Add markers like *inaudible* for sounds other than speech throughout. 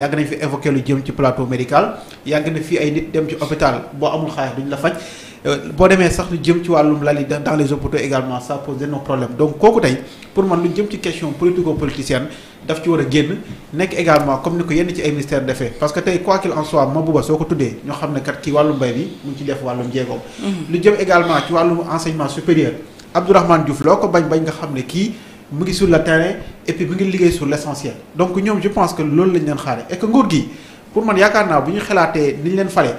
yàgg nañ fi évoqué lu jëm ci plateau médical yàgg na fi ay nit dem ci hôpital boo amul xaalis duñ la faj euh, boo demee sax lu jëm ci wàllum lali dans les hôpitaux également ça pose nos problèmes donc kooku tey pour man lu jëm ci question politico politicienne daf ci war génn nekk également comme ni ko yenn ci ay ministère defee parce que tey quoi qu'il en soit Mabouba soo ko tuddee ñoo xam ne kat kii wàllum mbay bi mu ngi ci def wàllum jéegoom. Mm-hmm. lu jëm également ci wàllum enseignement supérieur loo ko bañ nga xam ne kii. mu ngi su le terrain et mu ngi liggéey sur l' essentiel donc ñoom je pense que loolu lañ leen xaare et que nguur gi pour man yaakaar naa bu ñu xalaatee ni ñu leen fale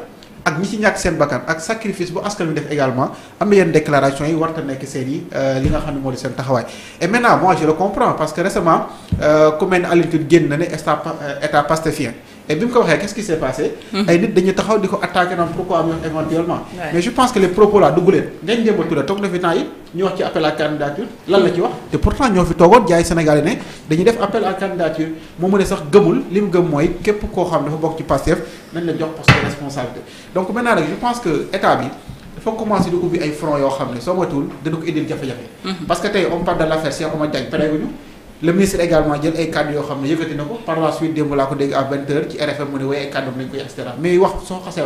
ak ñi ci ñàkk seen bakkan ak sacrifice bu askan wi def également am na yenn déclaration yi warta nekk seen yi euh, li nga xam ne moo di seen taxawaay et maintenant moi je le comprends parce que récemment euh, ku ne Alioune génn na ne état euh, état pastefien et bi mu ko waxee qu'est-ce qui s'est passé. Mm-hmm. ay nit dañu taxaw di ko attaqué naan pourquoi mu wax éventuellement. mais je pense que les propos là dugg leen. ngeen jéem a tuddee toog na fi temps yi ñu wax ci appel à candidature lan la ci wax te pourtant ñoo fi toogoon jaay sax gëmul li mu gëm mooy képp koo xam ne dafa bokk ci Pastef nañ la jox poste de responsabilité donc maintenant nag je pense que état bi. dafa commencé di ubbi ay front yoo xam ne soo matul dina ko indil jafe-jafe. Mm-hmm. le ministre également jël ay kàddu yoo xam ne yëkkati na ko par la suite démb laa ko dégg à 20h ci RFM mu ne waaye ay kàddu lañ koy et yëkkati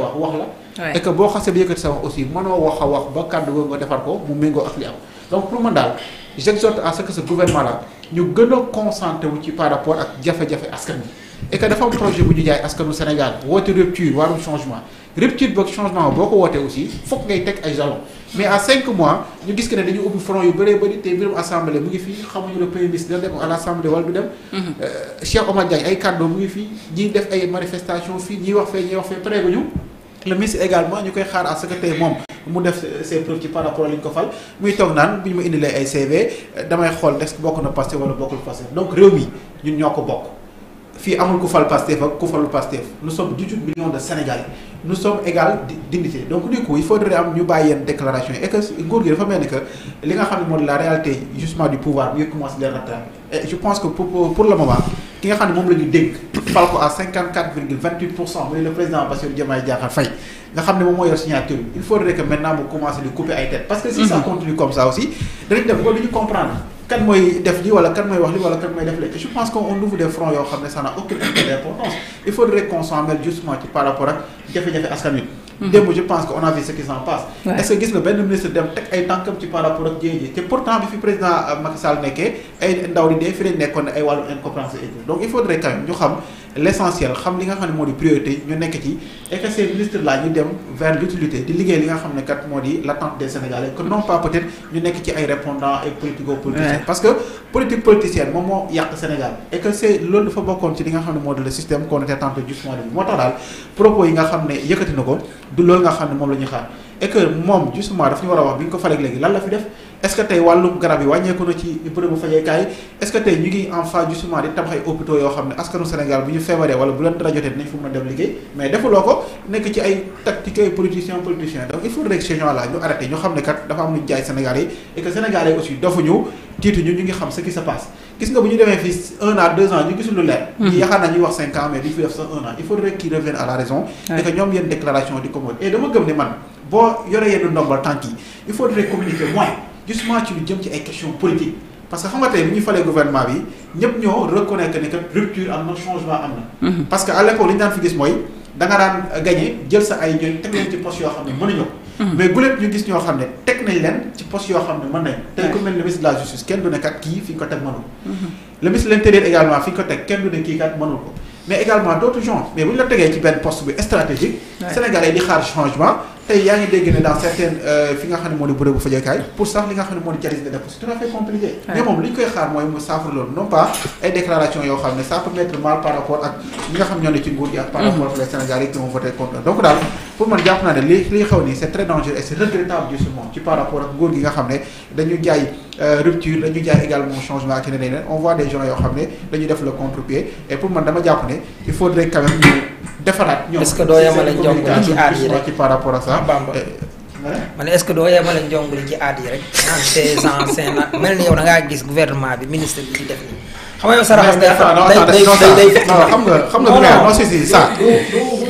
sa wax aussi mënoo wax a wax ba kàddu googu nga defar ko mu méngoo ak li am donc pour man daal j'exhorte à ce que ce gouvernement là ñu gën a wu ci par rapport ak jafe-jafe askan bi et que dafa am projet bu ñu jaay askanu Sénégal woote rupture warum changement rupture boog changement boo ko wootee aussi foog ngay teg ay jalons. mais à cinq mois ñu gis que ne dañu ubbi front yu bëree bëri te mbirum assemblée mu ngi fii xamuñu le premier ministre dina dem à l' assemblée wala dem. Mhm. Euh, Cheikh Omar Diagne ay kàddoom mu ngi fii ñiy def ay manifestation fii ñiy wax fee ñiy wax fee pareeguñu le également ñu koy xaar à ce tey moom. mu def ses preuves ci par rapport li ko fal muy toog naan bu ñu ma indilee ay CV damay xool est bokk na Pastef wala bokkul Pastef donc réew mi ñun ñoo ko bokk fii amul ku fal Pastef ak ku falul Pastef nous sommes 18 millions de Sénégalais. nous sommes égales dignité donc du coup il faudrait am ñu bàyyi yenn déclaration et nguur gi dafa mel ni que li nga xam ne moo la réalité justement du pouvoir bi nga commencé leen rattraper et je ne moom mu commencé di couper ay têtes parce que si ça mhm. continue comme ça aussi danañ def ko lu ñu comprendre kan mooy def li wala kan mooy wax li wala kan mooy def li je pense qu'on ouvre des fronts yoo xam ne ça n'a aucune importance il faudrait qu'on s'en mêle justement jafe-jafe askan wi. Mhm. démb je pense que on a vu ce qui s'en passe. Ouais. est-ce que gis nga benn ministre dem teg ay tànkam ci par rapport ak jéeg ji te pourtant bi fi président euh, Macky Sall nekkee ay ndaw di dee fi lañ nekkoon ay wàllu incompréhension donc il faudrait quand même ñu xam. l' essentiel xam li nga xam ne moo di priorité ñu nekk ci et que ces ministres là ñu dem vers l' di liggéey li nga xam ne kat moo di l' attente des Sénégalais que non pas peut être ñu nekk ci ay répondants ay politico politiciens parce que politique politicienne moom moo yàq Sénégal et loolu dafa bokkoon ci li nga xam ne moo di le système qu'on était tenté justement de moo tax daal propos yi nga xam ne yëkkati na ko du loolu nga xam ne moom la ñuy xaar et a wax lan la fi def est-ce que tey wàllum garab yi wàññeeku na ci bërëbu fajeekaay est-ce que tey ñu ngi en phase justement di tabax ay hôpitaux yoo xam ne askanu Sénégal bu ñu feebaree wala bu leen dara jotee dinañ fa mën a dem liggéey mais defuloo ko nekk ci ay tactique ay politiciens politiciens donc il faut rek ces gens là ñu arrêté ñu xam ne kat dafa am lu jaay Sénégal yi et Sénégal yi aussi dofuñu tiituñu ñu ngi xam ce qui se passe gis nga bu ñu demee fii un an deux justement ci lu jëm ci ay questions politiques parce que xam nga tey bu ñu falee gouvernement bi ñëpp ñoo reconnaître ne que rupture am na changement am na. Mhm. parce que à l'époque li ñu daan fi gis mooy da daan gagné jël sa ay ñooy teg leen ci poste yoo xam ne mënuñoo ko. Mhm. mais bu ñu gis ñoo xam ne teg nañ leen ci poste yoo xam ne mën nañ. tey ku mel ne ministre de la justice kenn du ne kii fi ñu ko teg mënul. Mhm. le ministre de également fi ñu ko teg kenn du mais également d' autres gens mais bu ñu la tegee ci benn poste bu stratégique. Sénégalais di xaar changement. tey yaa ngi dégg ne dans certaines euh, fi nga xam ne moo di bërëbu fajokaay pour sax li nga xam ne moo di dialyse de def c'est tout à fait compliqué. mais moom li ñu koy xaar mooy mu loolu non pas ay déclaration yoo xam ne ça peut mal par rapport ak ñi nga xam ñoo ne ci nguur gi ak. par mm-hmm. rapport ak les Sénégalais qui ne li li xew nii c' Euh, rupture dañu jaay également changement ak yeneen yeneen on voit des gens yoo xam ne dañuy def le contre-pied et pour man dama jàpp ne il faudrait quand même defaraat. ñoom ah, que doo yemale njongul ci aar yi rek ah, mel ni yow da gis gouvernement bi ministre bi di def nii. xam nga yow sa raxas day xam nga xam nga. non non si si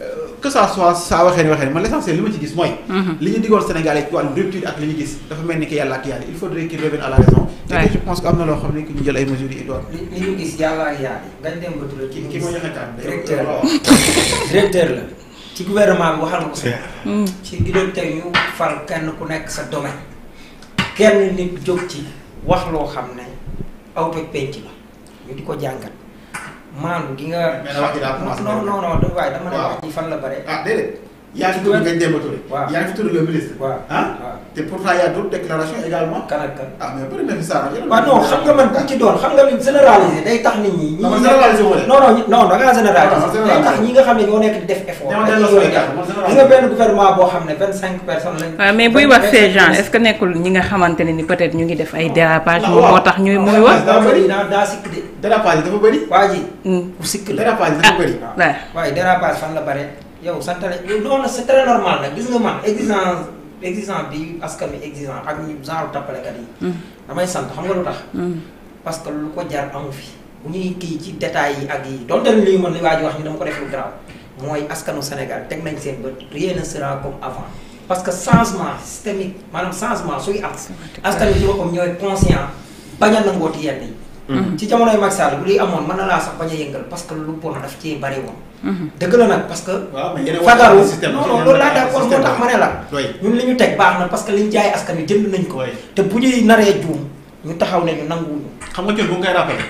Euh, que ça soit saa waxee ni waxee ni man l'essentiel li ma ci gis mooy. Mhm. li ñu digoon Sénégalais ci wàllu rupture ak gis dafa mel ni que yàlla ak yàlla il faudrait la raison. waaw te je pense que am na ne que ñu jël ay ma joxe tànn. directeur la *laughs* directeur ci gouvernement bi nga ko si. Mm. ci directeur yu fal kenn ku nekk sa domaine. kenn nit jóg ci wax loo xam ne aw toj penc la ñu di ko jàngat. maanu gi nga. mais wax ji daa commencé non non non da waaye dama ne wax ji fan la bare. ah déedéet yaa ngi tudd Ngagne Demba Touré. waaw yaa ngi tudd le ministre. waaw ah te pourtant y' a d' autres déclarations également. kan ak kan ah mais bëri na fi saa waaw non xam nga man ku ci doon xam nga lu généraliser day tax nit ñi. non généraliser wu non non non da ngaa généraliser. day tax ñi nga xam ne ñoo nekk di def effort. gis nga benn gouvernement boo xam ne vingt cinq personnes lañ. waaw mais buy wax ces gens est-ce que nekkul ñi nga xamante ne ni peut-être ñu ngi def ay dérapages. moo tax ñuy muy wax. dérapage dafa bëri. waa ji. bu mm. sikk la dérapage dafa bëri. waaw ah. waaye dérapage fan la bare yow sant la yow loolu c'est très normal nag gis nga man exigence exigence bi askan wi exigence ak ñu genre tappalekat yi. Mm. damay sant xam nga lu tax. Mm. parce que lu ko jar amu fi. bu ñuy kii ci détails yi ak yi donte ne lii man li waa ji wax ñu dama ko def lu garaaw mooy askanu Sénégal teg nañ seen bët rien ne avant. parce que changement systémique maanaam sangement suy am. askan wi ci boppam ñooy conscient bañ a nangooti yenn yi. Mhm. ci jamonoy Macky Sall bu luy amoon mën na laa sax bañ a yëngal parce que lu bon daf cee bari woon. Mhm. dëgg la nag parce que. fagaru loolu laa d'accord moo tax ma ne la. ñun li ñu teg baax na parce que li ñu jaay askan wi jënd nañ ko. te bu ñuy naree juum ñu taxaw ne nanguwuñu. xam nga coono bu ngay rappelé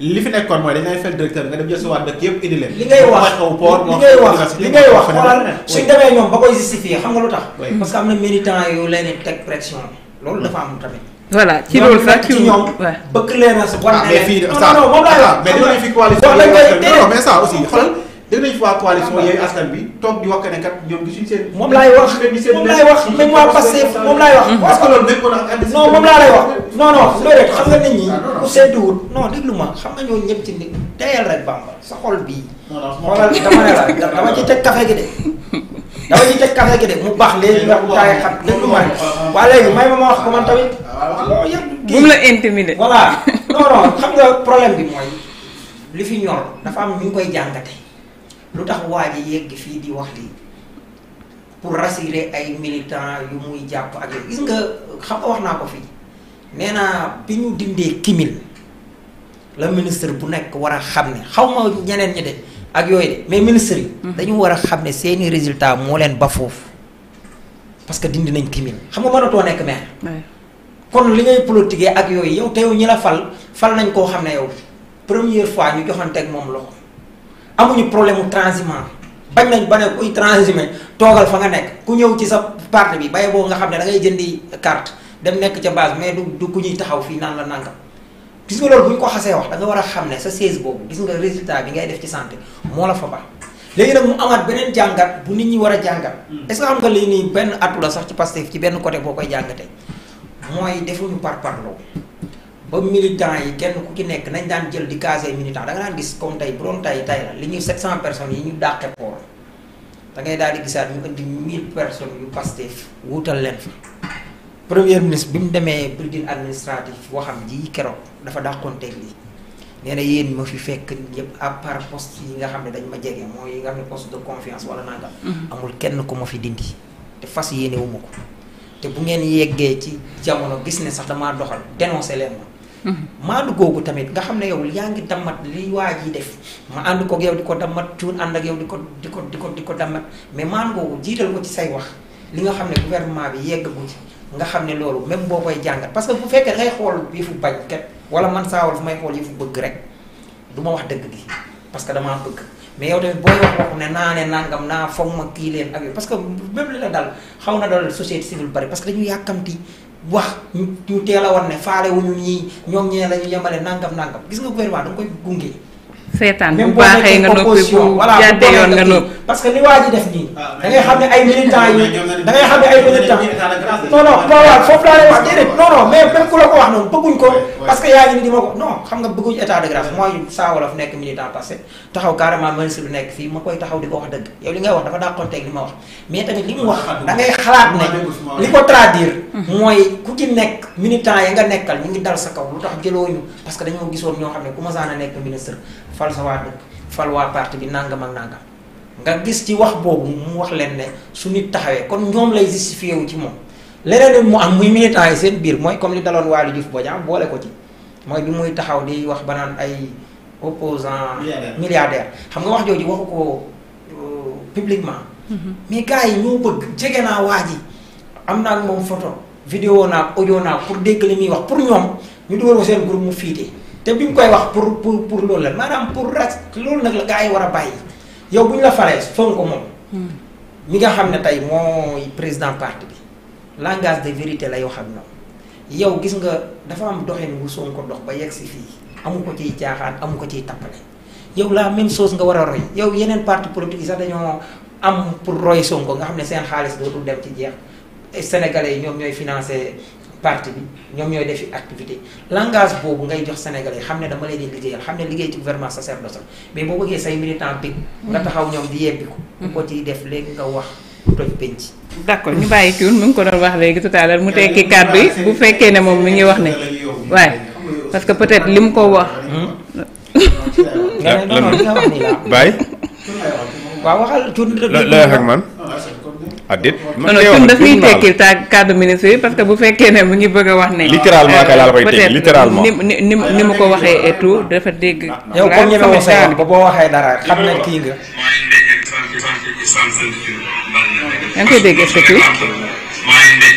li fi nekkoon mooy dañ lay fay directeur nga dem jël sa waat dëkk yëpp indi leen. li ngay wax li ngay wax li ngay wax xoolal ñoom ba koy justifier xam nga lu tax. voilà ci loolu sax ci ñoom bëgg leen a war ah, mais fii eh, moom laay wax moom laay wax moom waa passé moom laay wax parce moom laa rek xam nga nit ñi ku seetuwul non déglu ma xam nga ñoo ñëpp nit teyal rek bàmbal sa xol bii xoolal teg café gi de dama ci teg café gi baax léegi nga taay ma waa léegi may ma ma wax ko man tamit voilà non problème bi mooy fi ñor dafa am ñu ngi koy jàngate lu tax waa ji yegg fii di wax lii pour rassurer ay militants yu muy jàpp ak yooyu gis nga xam wax naa ko fii nee naa bi ñu dindee kimil la ministre bu nekk war a xam ne xaw ma ñeneen ñi de ak yooyu de mais ministre yi. dañu war a xam ne seeni résultat moo leen ba foofu parce que dindi nañ kimin xam nga mënatoo nekk maire. kon li ngay politiquer ak yooyu yow te yow ñi la fal fal nañ koo xam ne yow première fois ñu joxanteeg moom loxo amuñu problème mu transiment bañ nañ ba ne kuy transimer toogal fa nga nekk ku ñëw ci sa part bi baye boobu nga xam ne da ngay jëndi carte dem nekk ca base mais du du ku ñuy taxaw fii naan la nangam. gis nga bu ñu ko xasee wax da nga war a xam ne sa seize boobu gis nga résultat bi ngay def ci santé moo la fa baax léegi nag mu amaat beneen jàngat bu nit ñi war a jàngat. Hmm. est-ce que xam nga benn atu la sax ci Pastef ci benn côté boo koy jàngatee mooy defuñu par parloo ba militant yi kenn ku ci nekk nañ daan jël di caser militant da nga daan gis comme tey bu doon tey tey la li ñuy 700 personnes yi ñu dàqe poor da ngay daal di gisaat ñu indi 1000 personnes yu Pastef wuutal leen fa. premier ministre bi mu demee building administratif waxam ji keroog dafa dàqonteeg lii nee na yéen ma fi fekk yëpp à part poste yi nga xam ne dañ ma jege mooy yi nga xam ne poste de confiance wala nangam. Mhm. amul kenn ku ma fi dindi te fas yéene te bu ngeen yeggee ci jamono gis ne sax damaa doxal dénoncé leen ma mhm. maandu tamit nga xam ne yow yaa ngi dammat li waa ji def ma ànd ko yow di ko dammat cuun ànd ak yow di ko di ko di ko di ko dammat mais maandu googu jiital ko ci say wax li nga xam ne gouvernement bi yegg bu nga xam ne loolu même boo koy jàngat parce que bu fekkee ngay xool yëfu bañkat wala man saawal fu may xool yëfu bëgg rek du ma wax dëgg gi parce que damaa bëgg mais yow tamit booy wax ne naa ne nangam naa foog ma kii leen ak yow parce que même li la dal xaw na dal société civile bari parce que dañu yàkkamti wax ñu teel a wan ne faale wuñu ñii ñoom ñee la ñu yemale nangam nangam gis nga gouvernement da nga koy gunge. seetaan bu baaxee nga noppi bu jàddee yoon nga noppi parce que li waa ji def nii. Ah, da xam ne ay militants yi da xam ne ay militants non non waaw foofu laa lay wax déedéet non non mais même ku la ko wax noonu bëgguñ ko. parce que yaa ngi ni di ma ko non xam nga bëgguñ état de grâce mooy saa wolof nekk militant parce que taxaw carrément ministre bi nekk fii ma koy taxaw di ko wax dëgg yow li ngay wax dafa dàqonteeg li ma wax mais tamit li mu wax da xalaat ne li ko traduire. Mhm. mooy ku ci nekk militant yi nga nekkal ñu ngi dal sa kaw lu tax jëlooñu parce que dañoo gisoon ñoo xam ne ku ma a nekk ministre fal sa waa nga gis ci wax boobu mu wax leen ne su nit taxawee kon ñoom lay justifié wu ci moom leneen mu am muy militant yi seen biir mooy comme li daloon Waly Diouf Bodian boole ko ci mooy bi muy taxaw di wax ba naan ay opposant milliardaire xam nga wax jooju waxu ko euh, publiquement mi mhm. gars yi ñoo bëgg jege naa waa ji am naa moom photo vidéo naa audio naa pour dégg li muy wax pour ñoom ñu dugal ko seen groupe mu fiite te bi mu koy wax pour pour pour loolu la maanaam pour ras loolu nag la gars yi war a bàyyi yow bu ñu la faree fonk moom. Hmm. mi nga xam ne tey mooy président parti bi langage de vérité la yoo xam ñoom yow gis nga dafa am doxin wu Sonko dox ba yegg si fii amu ko ci jaaxaan amu ko ci tappale yow la même chose nga war a roy yow yeneen parti politique yi sax dañoo am pour roy Sonko nga xam ne seen xaalis dootul dem ci jeex sénégalais yi ñoom ñooy financé parti bi ñoom ñooy def defi activité langage boobu ngay jox sénégalais xam ne dama leen di liggéeyal xam ne liggéey ci gouvernement sacerdotal mais boo bëggee say militant bi nga mm. taxaw ñoom di yebbi ko. ko ciy def léegi nga wax toj penc. d'accord ñu bàyyi tuun mu ngi ko doon wax léegi tout à l'heure mu tekki kàddu yi bu fekkee ne moom mi ngi wax ne waaye parce que peut-être li mu ko wax. nga hmm? *laughs* ne non wax ak man. ah déet man tey dafay tekki kàddu ministre yi parce que bu fekkee ne mu ngi bëgg wax ne. littéralement que laa koy tekki littéralement ni ni ni ma ko waxee et tout dafa dégg. yow comme ñu boo waxee dara xam na kii nga. yaa ngi koy dégg est-ce